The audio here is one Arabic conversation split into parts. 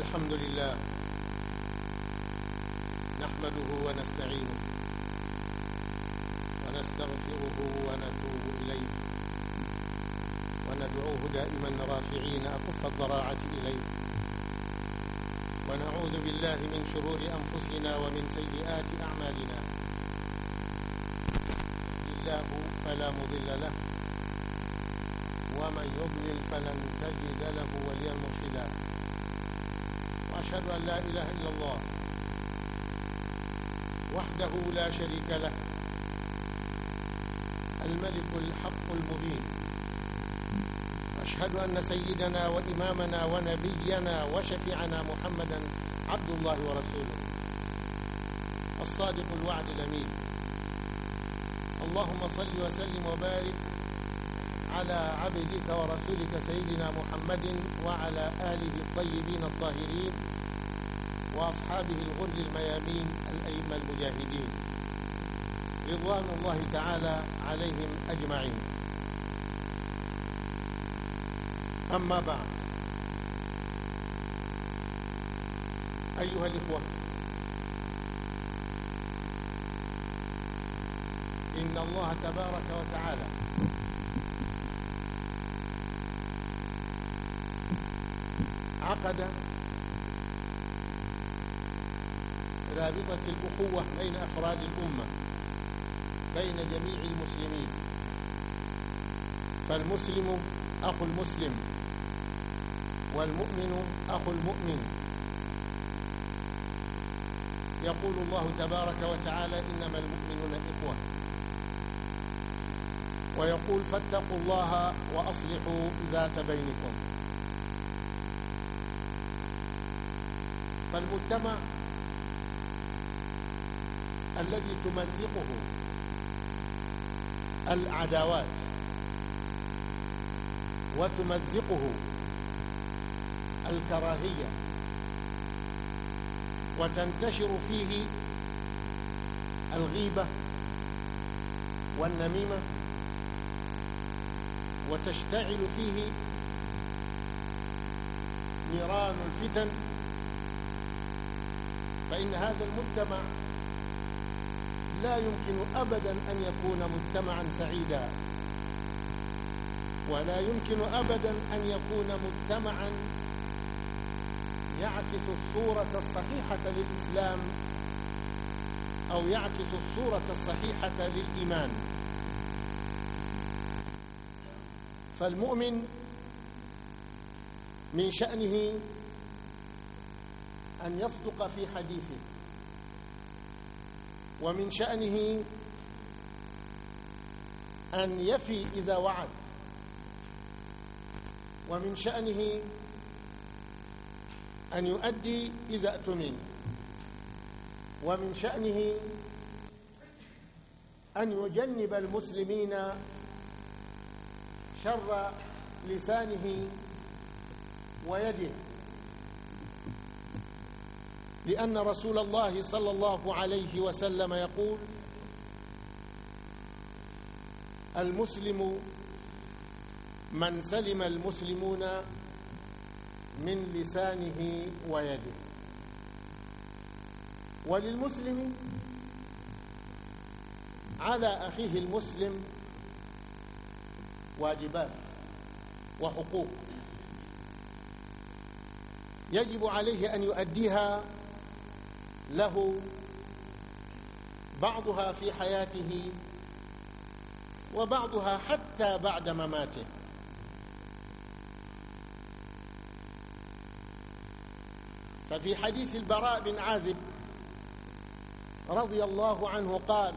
الحمد لله نحمده ونستعينه ونستغفره ونتوب إليه وندعوه دائما رافعين أكف الضراعة إليه ونعوذ بالله من شرور أنفسنا ومن سيئات أعمالنا الله فلا مضل له ومن يضلل فلن تجد له وليا مرشدا أشهد أن لا إله إلا الله وحده لا شريك له الملك الحق المبين أشهد أن سيدنا وإمامنا ونبينا وشفيعنا محمدا عبد الله ورسوله الصادق الوعد الأمين اللهم صل وسلم وبارك على عبدك ورسولك سيدنا محمد وعلى آله الطيبين الطاهرين وأصحابه الغر الميامين الأئمة المجاهدين رضوان الله تعالى عليهم أجمعين أما بعد أيها الإخوة إن الله تبارك وتعالى عقد رابطة الأخوة بين أفراد الأمة بين جميع المسلمين فالمسلم أخو المسلم والمؤمن أخو المؤمن يقول الله تبارك وتعالى إنما المؤمنون إخوة ويقول فاتقوا الله وأصلحوا ذات بينكم فالمجتمع الذي تمزقه العداوات وتمزقه الكراهية وتنتشر فيه الغيبة والنميمة وتشتعل فيه نيران الفتن فإن هذا المجتمع لا يمكن أبدا أن يكون مجتمعا سعيدا ولا يمكن أبدا أن يكون مجتمعا يعكس الصورة الصحيحة للإسلام أو يعكس الصورة الصحيحة للإيمان فالمؤمن من شأنه أن يصدق في حديثه ومن شأنه أن يفي إذا وعد ومن شأنه أن يؤدي إذا أتمن ومن شأنه أن يجنب المسلمين شر لسانه ويده لأن رسول الله صلى الله عليه وسلم يقول المسلم من سلم المسلمون من لسانه ويده وللمسلم على أخيه المسلم واجبات وحقوق يجب عليه أن يؤديها له بعضها في حياته وبعضها حتى بعد مماته ففي حديث البراء بن عازب رضي الله عنه قال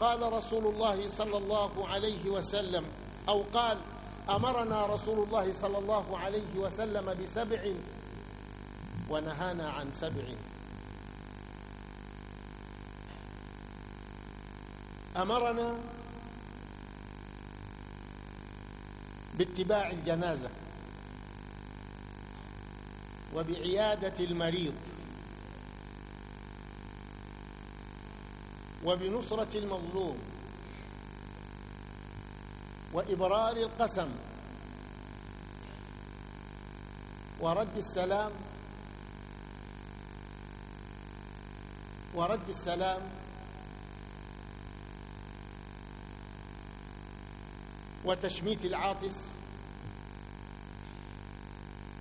قال رسول الله صلى الله عليه وسلم او قال امرنا رسول الله صلى الله عليه وسلم بسبع ونهانا عن سبع أمرنا باتباع الجنازة وبعيادة المريض وبنصرة المظلوم وإبرار القسم ورد السلام ورد السلام وتشميت العاطس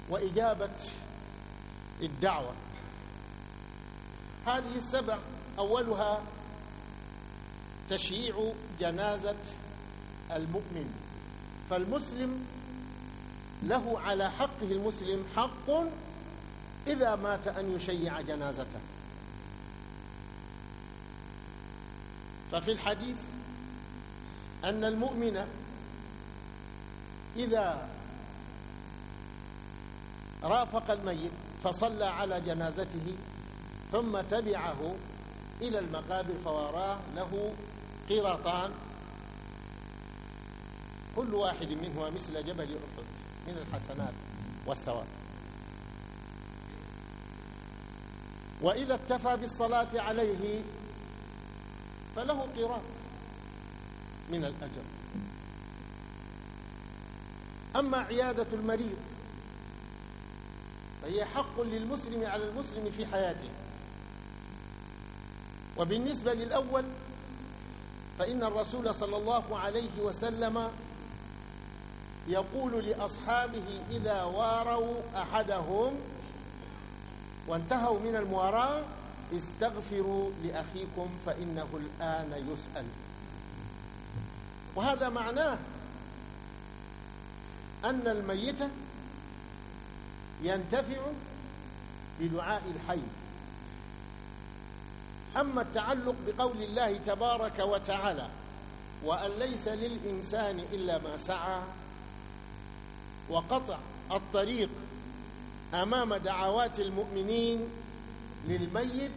وإجابة الدعوة هذه السبع أولها تشييع جنازة المؤمن فالمسلم له على حقه المسلم حق إذا مات أن يشيع جنازته ففي الحديث أن المؤمن إذا رافق الميت فصلى على جنازته ثم تبعه إلى المقابر فوراه له قراطان كل واحد منهما مثل جبل أحد من الحسنات والثواب وإذا اكتفى بالصلاة عليه فله قيراط من الأجر أما عيادة المريض فهي حق للمسلم على المسلم في حياته وبالنسبة للأول فإن الرسول صلى الله عليه وسلم يقول لأصحابه إذا واروا أحدهم وانتهوا من المواراة استغفروا لأخيكم فإنه الآن يسأل وهذا معناه أن الميت ينتفع بدعاء الحي أما التعلق بقول الله تبارك وتعالى وأن ليس للإنسان إلا ما سعى وقطع الطريق أمام دعوات المؤمنين للميت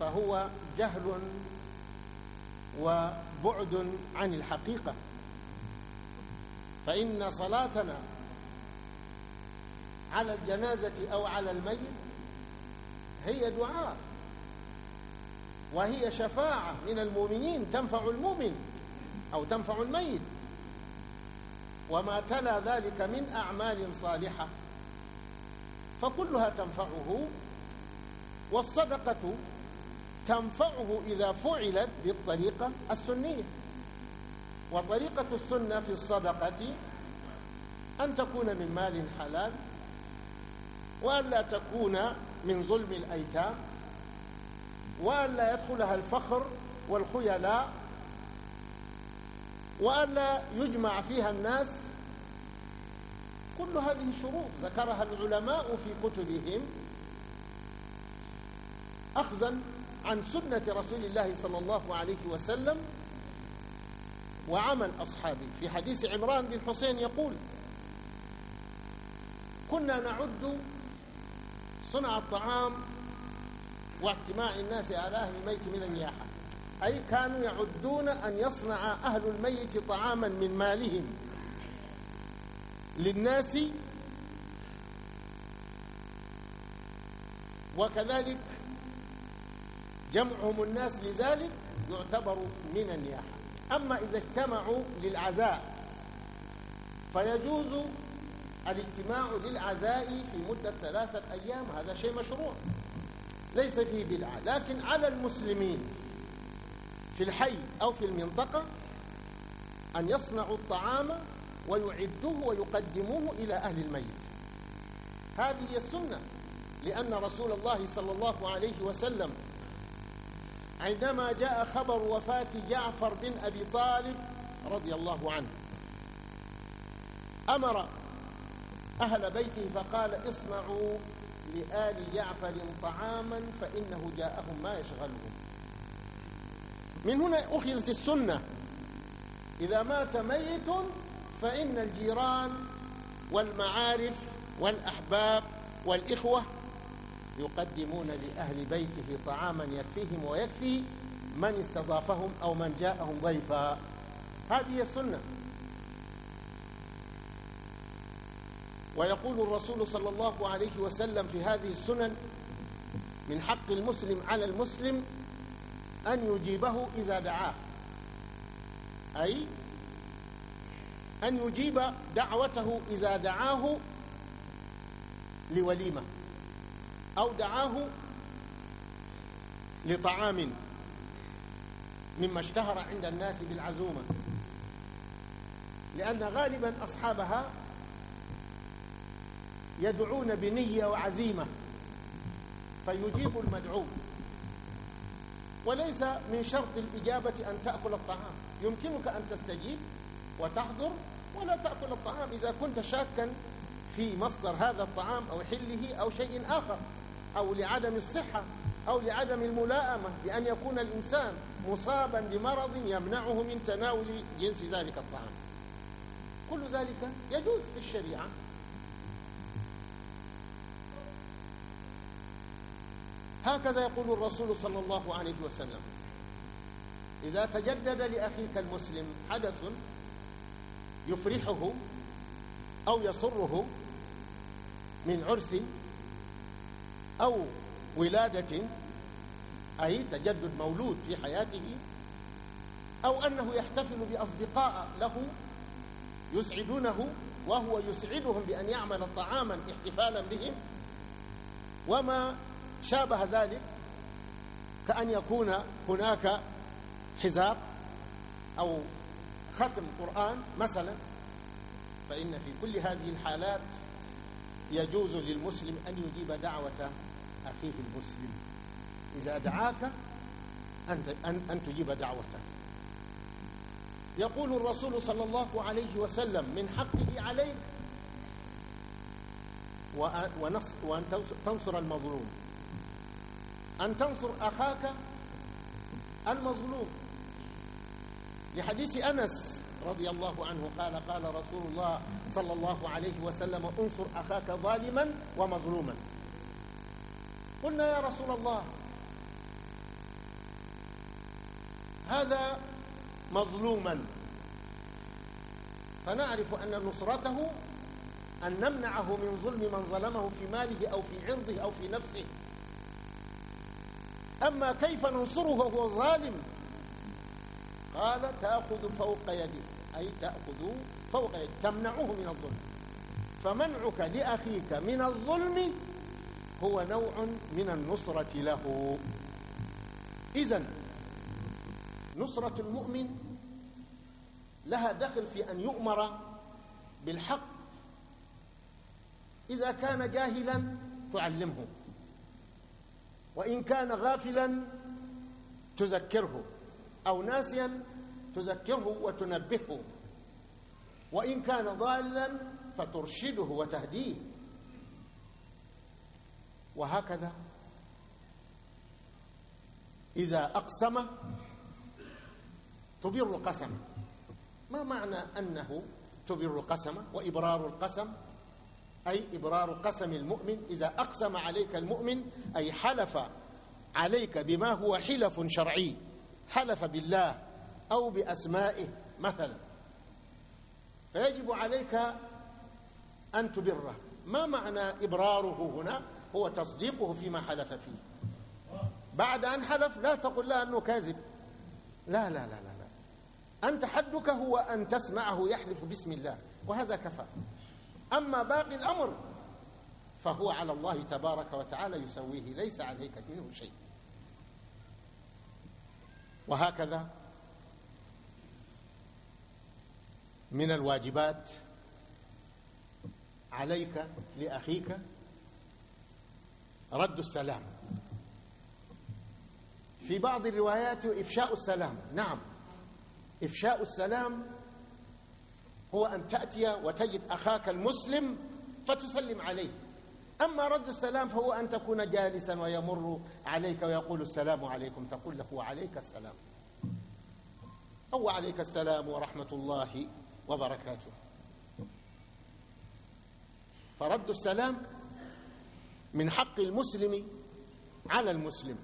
فهو جهل وبعد عن الحقيقة فإن صلاتنا على الجنازة أو على الميت هي دعاء وهي شفاعة من المؤمنين تنفع المؤمن أو تنفع الميت وما تلا ذلك من أعمال صالحة فكلها تنفعه والصدقة تنفعه إذا فعلت بالطريقة السنية وطريقة السنة في الصدقة أن تكون من مال حلال وأن لا تكون من ظلم الأيتام وأن لا يدخلها الفخر والخيلاء وأن لا يجمع فيها الناس كل هذه شروط ذكرها العلماء في كتبهم أخذا عن سنة رسول الله صلى الله عليه وسلم وعمل أصحابه في حديث عمران بن حسين يقول كنا نعد صنع الطعام واعتماع الناس على أهل الميت من النياحة أي كانوا يعدون أن يصنع أهل الميت طعاما من مالهم للناس وكذلك جمعهم الناس لذلك يعتبر من النياحة أما إذا اجتمعوا للعزاء فيجوز الاجتماع للعزاء في مدة ثلاثة أيام هذا شيء مشروع ليس فيه بدعة لكن على المسلمين في الحي أو في المنطقة أن يصنعوا الطعام ويعدوه ويقدموه إلى أهل الميت هذه السنة لأن رسول الله صلى الله عليه وسلم عندما جاء خبر وفاة جعفر بن أبي طالب رضي الله عنه أمر أهل بيته فقال اصنعوا لآل جعفر طعاما فإنه جاءهم ما يشغلهم من هنا أخذت السنة إذا مات ميت فإن الجيران والمعارف والأحباب والإخوة يقدمون لأهل بيته طعاما يكفيهم ويكفي من استضافهم أو من جاءهم ضيفا هذه السنة ويقول الرسول صلى الله عليه وسلم في هذه السنن من حق المسلم على المسلم أن يجيبه إذا دعاه أي أن يجيب دعوته إذا دعاه لوليمة أو دعاه لطعام مما اشتهر عند الناس بالعزومة لأن غالبا أصحابها يدعون بنية وعزيمة فيجيب المدعو وليس من شرط الإجابة أن تأكل الطعام يمكنك أن تستجيب وتحضر ولا تأكل الطعام إذا كنت شاكا في مصدر هذا الطعام أو حله أو شيء آخر أو لعدم الصحة أو لعدم الملائمة بأن يكون الإنسان مصابا بمرض يمنعه من تناول جنس ذلك الطعام كل ذلك يجوز في الشريعة هكذا يقول الرسول صلى الله عليه وسلم إذا تجدد لأخيك المسلم حدث يفرحه أو يسره من عرس أو ولادة أي تجدد مولود في حياته أو أنه يحتفل بأصدقاء له يسعدونه وهو يسعدهم بأن يعمل طعاما احتفالا بهم وما شابه ذلك كأن يكون هناك حزاب أو ختم قرآن مثلا فإن في كل هذه الحالات يجوز للمسلم أن يجيب دعوة أخيه المسلم إذا دعاك أن أن تجيب دعوته يقول الرسول صلى الله عليه وسلم من حقه عليك وأن تنصر المظلوم أن تنصر أخاك المظلوم لحديث أنس رضي الله عنه قال قال رسول الله صلى الله عليه وسلم انصر أخاك ظالما ومظلوما قلنا يا رسول الله هذا مظلوما فنعرف أن نصرته أن نمنعه من ظلم من ظلمه في ماله أو في عرضه أو في نفسه أما كيف ننصره وهو ظالم قال تأخذ فوق يده أي تأخذ فوق تمنعه من الظلم فمنعك لأخيك من الظلم هو نوع من النصرة له إذا نصرة المؤمن لها دخل في أن يؤمر بالحق إذا كان جاهلا تعلمه وإن كان غافلا تذكره أو ناسيا تذكره وتنبهه وإن كان ضالا فترشده وتهديه وهكذا إذا أقسم تبر القسم ما معنى أنه تبر القسم وإبرار القسم أي إبرار قسم المؤمن إذا أقسم عليك المؤمن أي حلف عليك بما هو حلف شرعي حلف بالله أو بأسمائه مثلا فيجب عليك أن تبره ما معنى إبراره هنا هو تصديقه فيما حلف فيه بعد أن حلف لا تقل له أنه كاذب لا لا لا لا, لا. أنت حدك هو أن تسمعه يحلف باسم الله وهذا كفى أما باقي الأمر فهو على الله تبارك وتعالى يسويه ليس عليك منه شيء وهكذا من الواجبات عليك لأخيك رد السلام في بعض الروايات إفشاء السلام نعم إفشاء السلام هو أن تأتي وتجد أخاك المسلم فتسلم عليه أما رد السلام فهو أن تكون جالسا ويمر عليك ويقول السلام عليكم تقول له وعليك السلام أو عليك السلام ورحمة الله وبركاته فرد السلام من حق المسلم على المسلم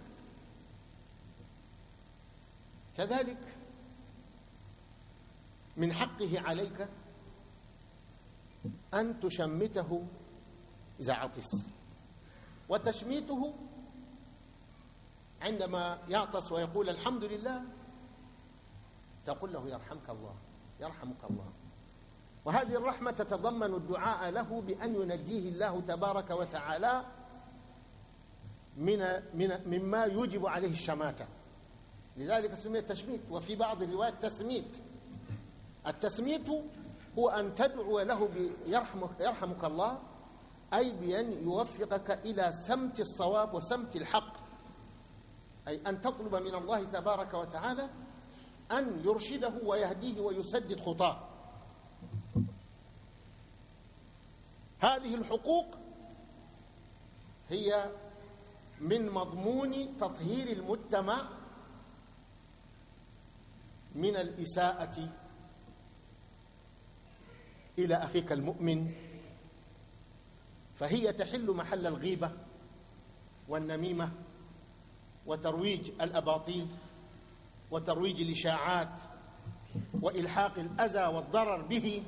كذلك من حقه عليك أن تشمته إذا عطس وتشميته عندما يعطس ويقول الحمد لله تقول له يرحمك الله يرحمك الله وهذه الرحمة تتضمن الدعاء له بأن ينجيه الله تبارك وتعالى من من مما يوجب عليه الشماتة لذلك سميت تشميت وفي بعض الروايات تسميت التسميت هو أن تدعو له بيرحمك يرحمك الله أي بأن يوفقك إلى سمت الصواب وسمت الحق أي أن تطلب من الله تبارك وتعالى أن يرشده ويهديه ويسدد خطاه هذه الحقوق هي من مضمون تطهير المجتمع من الإساءة إلى أخيك المؤمن فهي تحل محل الغيبة والنميمة وترويج الأباطيل وترويج الإشاعات وإلحاق الأذى والضرر به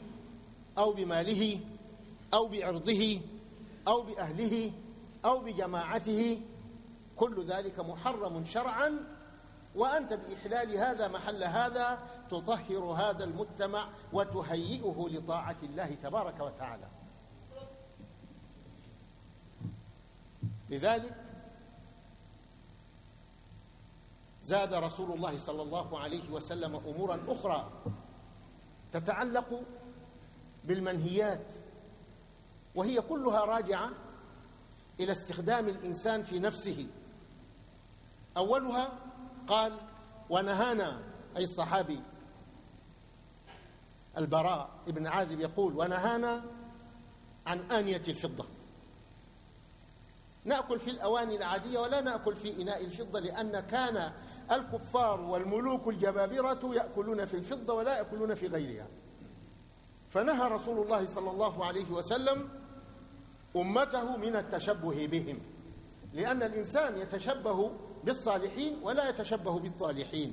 أو بماله أو بعرضه أو بأهله أو بجماعته كل ذلك محرم شرعا وأنت بإحلال هذا محل هذا تطهر هذا المجتمع وتهيئه لطاعة الله تبارك وتعالى لذلك زاد رسول الله صلى الله عليه وسلم امورا اخرى تتعلق بالمنهيات وهي كلها راجعه الى استخدام الانسان في نفسه اولها قال ونهانا اي الصحابي البراء ابن عازب يقول ونهانا عن انيه الفضه ناكل في الاواني العاديه ولا ناكل في اناء الفضه لان كان الكفار والملوك الجبابرة يأكلون في الفضة ولا يأكلون في غيرها فنهى رسول الله صلى الله عليه وسلم أمته من التشبه بهم لأن الإنسان يتشبه بالصالحين ولا يتشبه بالطالحين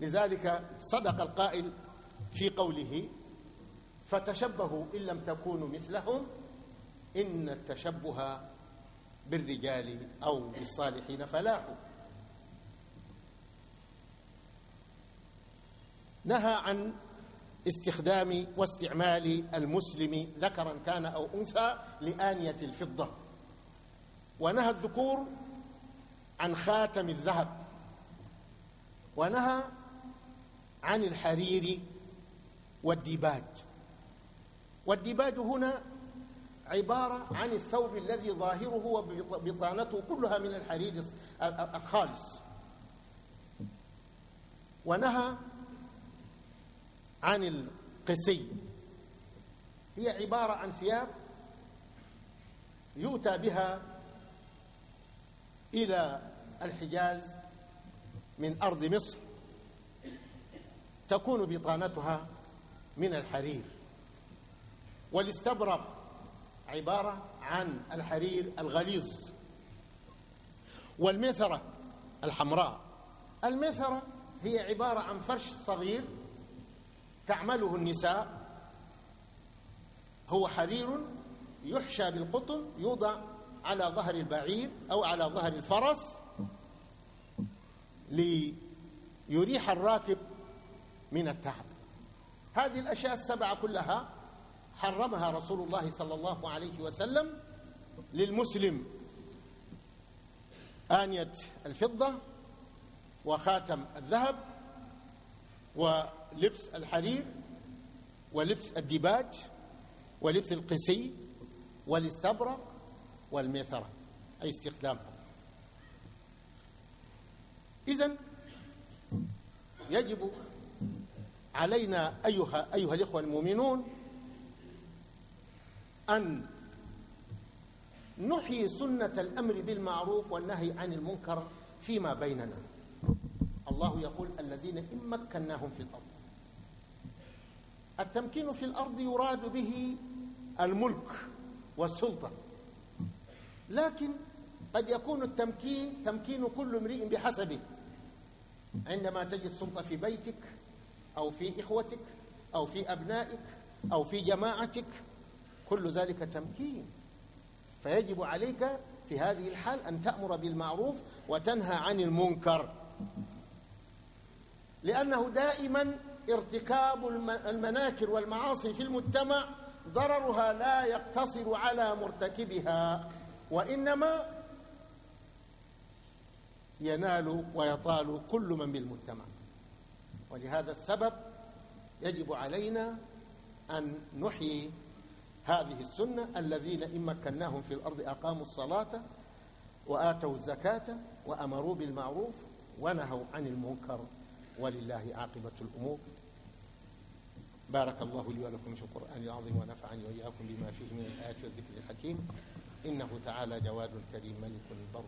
لذلك صدق القائل في قوله فتشبهوا إن لم تكونوا مثلهم إن التشبه بالرجال أو بالصالحين فلاحوا نهى عن استخدام واستعمال المسلم ذكرا كان أو أنثى لآنية الفضة ونهى الذكور عن خاتم الذهب ونهى عن الحرير والديباج والديباج هنا عبارة عن الثوب الذي ظاهره وبطانته كلها من الحرير الخالص ونهى عن القسي هي عبارة عن ثياب يؤتى بها إلى الحجاز من أرض مصر تكون بطانتها من الحرير والاستبرق عبارة عن الحرير الغليظ والمثرة الحمراء المثرة هي عبارة عن فرش صغير تعمله النساء هو حرير يحشى بالقطن يوضع على ظهر البعير أو على ظهر الفرس ليريح الراكب من التعب هذه الأشياء السبعة كلها حرمها رسول الله صلى الله عليه وسلم للمسلم آنية الفضة وخاتم الذهب ولبس الحرير ولبس الدباج ولبس القسي والاستبرق والميثرة أي استخدامها إذا يجب علينا أيها أيها الإخوة المؤمنون أن نحيي سنة الأمر بالمعروف والنهي عن المنكر فيما بيننا الله يقول الذين إن مكناهم في الأرض التمكين في الأرض يراد به الملك والسلطة لكن قد يكون التمكين تمكين كل امرئ بحسبه عندما تجد سلطة في بيتك أو في إخوتك أو في أبنائك أو في جماعتك كل ذلك تمكين فيجب عليك في هذه الحال أن تأمر بالمعروف وتنهى عن المنكر لأنه دائما ارتكاب المناكر والمعاصي في المجتمع ضررها لا يقتصر على مرتكبها وإنما ينال ويطال كل من بالمجتمع ولهذا السبب يجب علينا أن نحيي هذه السنة الذين إن مكناهم في الأرض أقاموا الصلاة وآتوا الزكاة وأمروا بالمعروف ونهوا عن المنكر ولله عاقبة الأمور بارك الله لي ولكم في القرآن العظيم ونفعني وإياكم بما فيه من الآيات والذكر الحكيم إنه تعالى جواد كريم ملك البر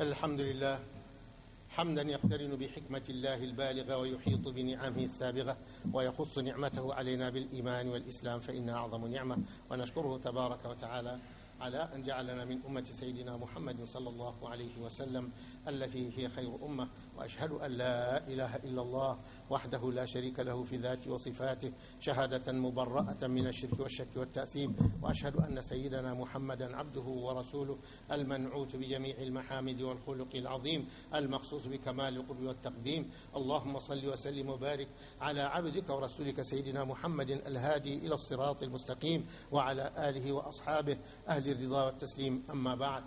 الحمد لله حمدا يقترن بحكمة الله البالغة ويحيط بنعمه السابغة ويخص نعمته علينا بالإيمان والإسلام فإنها أعظم نعمة ونشكره تبارك وتعالى على أن جعلنا من أمة سيدنا محمد صلى الله عليه وسلم التي هي خير أمة واشهد ان لا اله الا الله وحده لا شريك له في ذاته وصفاته شهاده مبراه من الشرك والشك والتاثيم واشهد ان سيدنا محمدا عبده ورسوله المنعوت بجميع المحامد والخلق العظيم المخصوص بكمال القرب والتقديم اللهم صل وسلم وبارك على عبدك ورسولك سيدنا محمد الهادي الى الصراط المستقيم وعلى اله واصحابه اهل الرضا والتسليم اما بعد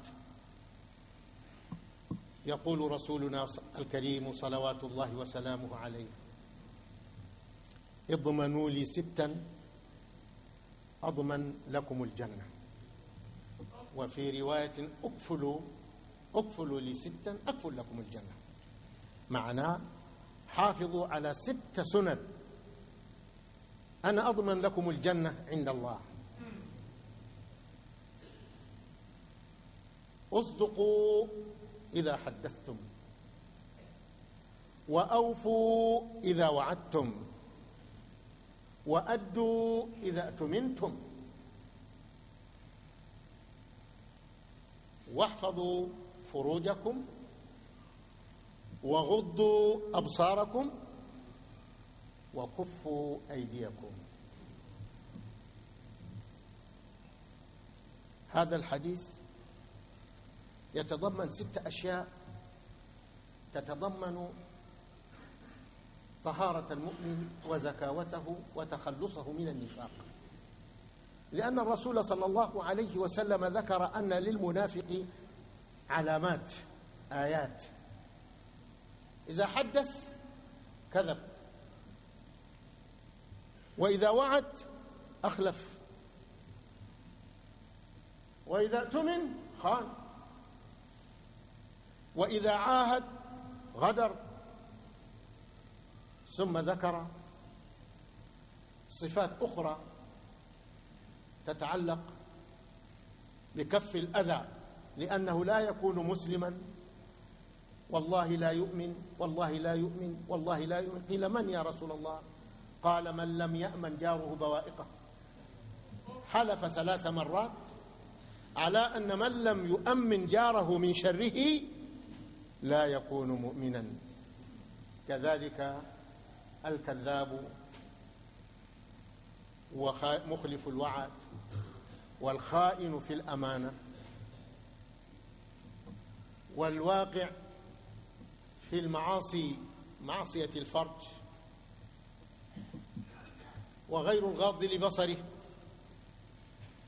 يقول رسولنا الكريم صلوات الله وسلامه عليه اضمنوا لي ستا اضمن لكم الجنه وفي روايه اكفلوا اكفلوا لي ستا اكفل لكم الجنه معناه حافظوا على ست سنن انا اضمن لكم الجنه عند الله اصدقوا إذا حدثتم وأوفوا إذا وعدتم وأدوا إذا أتمنتم واحفظوا فروجكم وغضوا أبصاركم وكفوا أيديكم هذا الحديث يتضمن ست أشياء تتضمن طهارة المؤمن وزكاوته وتخلصه من النفاق لأن الرسول صلى الله عليه وسلم ذكر أن للمنافق علامات آيات إذا حدث كذب وإذا وعد أخلف وإذا اؤتمن خان وإذا عاهد غدر ثم ذكر صفات أخرى تتعلق بكف الأذى لأنه لا يكون مسلما والله لا يؤمن والله لا يؤمن والله لا يؤمن قيل من يا رسول الله قال من لم يأمن جاره بوائقه حلف ثلاث مرات على أن من لم يؤمن جاره من شره لا يكون مؤمنا كذلك الكذاب ومخلف الوعد والخائن في الامانه والواقع في المعاصي معصيه الفرج وغير الغاض لبصره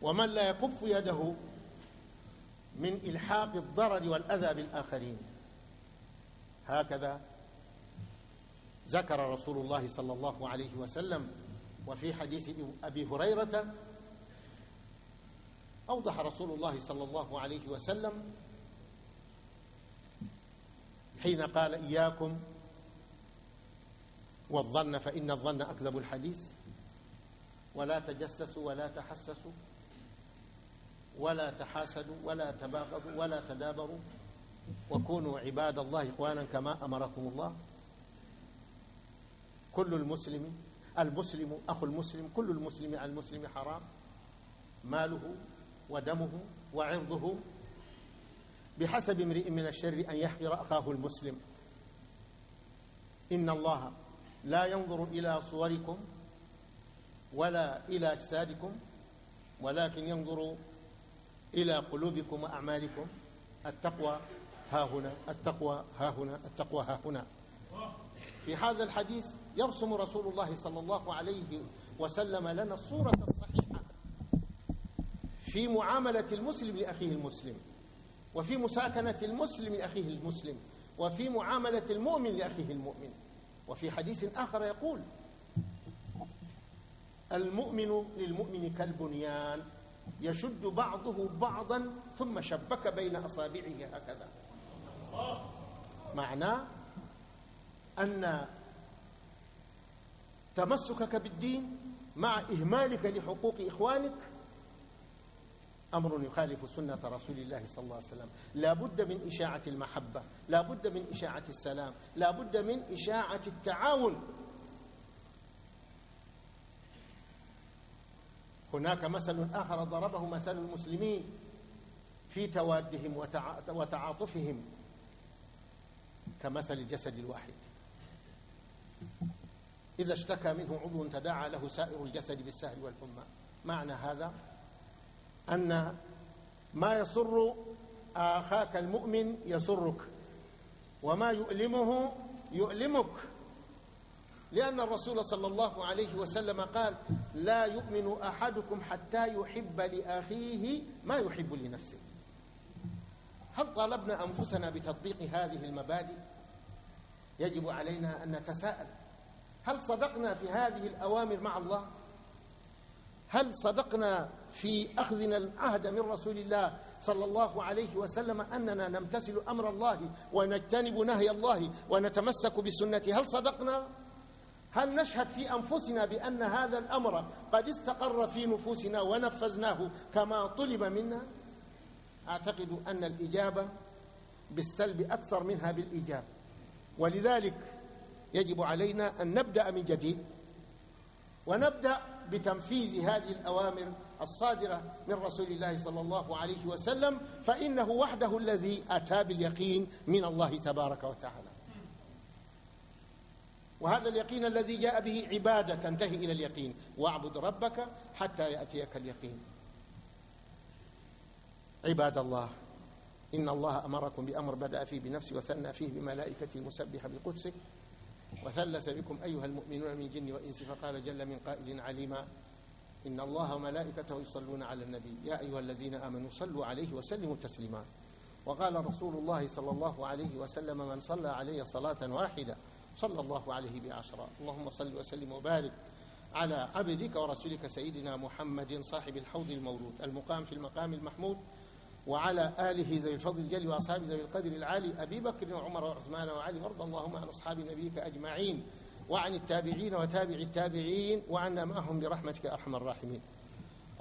ومن لا يكف يده من الحاق الضرر والاذى بالاخرين هكذا ذكر رسول الله صلى الله عليه وسلم وفي حديث أبي هريرة أوضح رسول الله صلى الله عليه وسلم حين قال إياكم والظن فإن الظن أكذب الحديث ولا تجسسوا ولا تحسسوا ولا تحاسدوا ولا تباغضوا ولا تدابروا وكونوا عباد الله إخوانا كما أمركم الله كل المسلم المسلم أخو المسلم كل المسلم على المسلم حرام ماله ودمه وعرضه بحسب امرئ من الشر أن يحقر أخاه المسلم إن الله لا ينظر إلى صوركم ولا إلى أجسادكم ولكن ينظر إلى قلوبكم وأعمالكم التقوى ها هنا التقوى ها هنا التقوى ها هنا في هذا الحديث يرسم رسول الله صلى الله عليه وسلم لنا الصورة الصحيحة في معاملة المسلم لأخيه المسلم وفي مساكنة المسلم لأخيه المسلم وفي معاملة المؤمن لأخيه المؤمن وفي حديث آخر يقول المؤمن للمؤمن كالبنيان يشد بعضه بعضا ثم شبك بين أصابعه هكذا معناه أن تمسكك بالدين مع إهمالك لحقوق إخوانك أمر يخالف سنة رسول الله صلى الله عليه وسلم لا بد من إشاعة المحبة لا بد من إشاعة السلام لا بد من إشاعة التعاون هناك مثل آخر ضربه مثل المسلمين في توادهم وتعاطفهم كمثل الجسد الواحد إذا اشتكى منه عضو تداعى له سائر الجسد بالسهل والحمى معنى هذا أن ما يسر أخاك المؤمن يسرك وما يؤلمه يؤلمك لأن الرسول صلى الله عليه وسلم قال لا يؤمن أحدكم حتى يحب لأخيه ما يحب لنفسه هل طالبنا أنفسنا بتطبيق هذه المبادئ يجب علينا أن نتساءل هل صدقنا في هذه الأوامر مع الله؟ هل صدقنا في أخذنا العهد من رسول الله صلى الله عليه وسلم أننا نمتثل أمر الله ونجتنب نهي الله ونتمسك بسنته هل صدقنا؟ هل نشهد في أنفسنا بأن هذا الأمر قد استقر في نفوسنا ونفذناه كما طلب منا؟ أعتقد أن الإجابة بالسلب أكثر منها بالإيجاب ولذلك يجب علينا أن نبدأ من جديد ونبدأ بتنفيذ هذه الأوامر الصادرة من رسول الله صلى الله عليه وسلم فإنه وحده الذي أتى باليقين من الله تبارك وتعالى وهذا اليقين الذي جاء به عبادة تنتهي إلى اليقين واعبد ربك حتى يأتيك اليقين عباد الله إن الله أمركم بأمر بدأ فيه بنفسه وثنى فيه بملائكته المسبحة بقدسه وثلث بكم أيها المؤمنون من جن وإنس فقال جل من قائل عليما إن الله وملائكته يصلون على النبي يا أيها الذين آمنوا صلوا عليه وسلموا تسليما وقال رسول الله صلى الله عليه وسلم من صلى علي صلاة واحدة صلى الله عليه بعشرة اللهم صل وسلم وبارك على عبدك ورسولك سيدنا محمد صاحب الحوض المولود المقام في المقام المحمود وعلى آله ذوي الفضل الجلي وأصحابه ذوي القدر العالي أبي بكر وعمر وعثمان وعلي وارض اللهم عن أصحاب نبيك أجمعين وعن التابعين وتابع التابعين وعنا معهم برحمتك أرحم الراحمين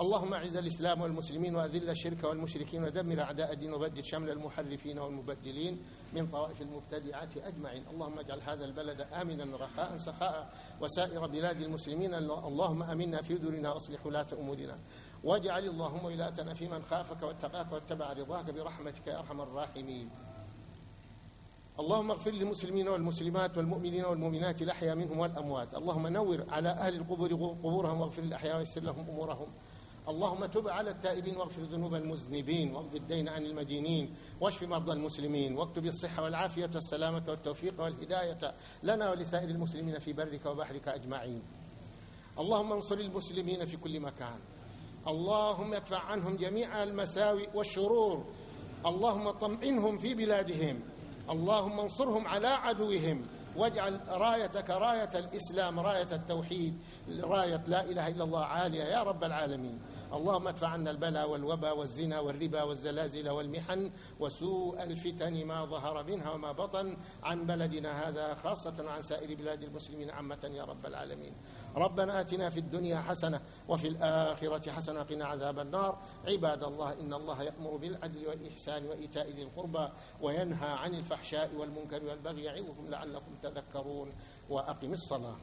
اللهم أعز الإسلام والمسلمين وأذل الشرك والمشركين ودمر أعداء الدين وبدد شمل المحرفين والمبدلين من طوائف المبتدعات أجمعين اللهم اجعل هذا البلد آمنا رخاء سخاء وسائر بلاد المسلمين اللهم أمنا في دورنا وأصلح ولاة أمورنا واجعل اللهم ولاتنا في من خافك واتقاك واتبع رضاك برحمتك يا ارحم الراحمين اللهم اغفر للمسلمين والمسلمات والمؤمنين والمؤمنات الاحياء منهم والاموات اللهم نور على اهل القبور قبورهم واغفر للاحياء ويسر لهم امورهم اللهم تب على التائبين واغفر ذنوب المذنبين واقض الدين عن المدينين واشف مرضى المسلمين واكتب الصحة والعافية والسلامة والتوفيق والهداية لنا ولسائر المسلمين في برك وبحرك أجمعين اللهم انصر المسلمين في كل مكان اللهم ادفع عنهم جميع المساوئ والشرور اللهم طمئنهم في بلادهم اللهم انصرهم على عدوهم واجعل رايتك راية الإسلام راية التوحيد راية لا إله إلا الله عالية يا رب العالمين اللهم ادفع عنا البلاء والوباء والزنا والربا والزلازل والمحن وسوء الفتن ما ظهر منها وما بطن عن بلدنا هذا خاصة عن سائر بلاد المسلمين عامة يا رب العالمين ربنا آتنا في الدنيا حسنة وفي الآخرة حسنة قنا عذاب النار عباد الله إن الله يأمر بالعدل والإحسان وإيتاء ذي القربى وينهى عن الفحشاء والمنكر والبغي يعظكم لعلكم تذكرون وأقم الصلاة